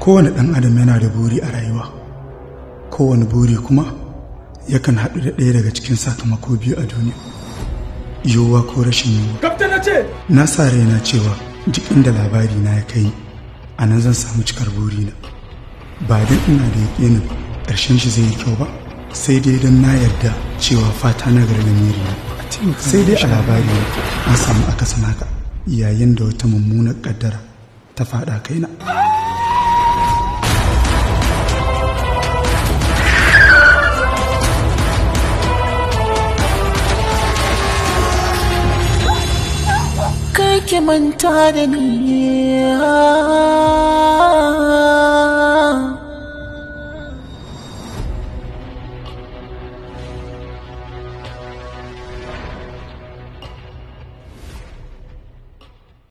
kowane ɗan adam yana da buri a rayuwa kowane buri kuma yakan haɗu da ɗaya daga cikin sakamako biyu a duniya yiwuwa ko rashin yiwuwa Na ce na sa raina cewa duk inda labari na ya kai a nan zan samu cikar buri na. ba don ina da yaƙinin ƙarshen shi zai yi kyau ba sai dai don na yarda cewa fata na gargamiri ne sai dai a labari an samu akasin haka yayin da wata mummunar ƙaddara ta faɗa kaina. kake manta da ni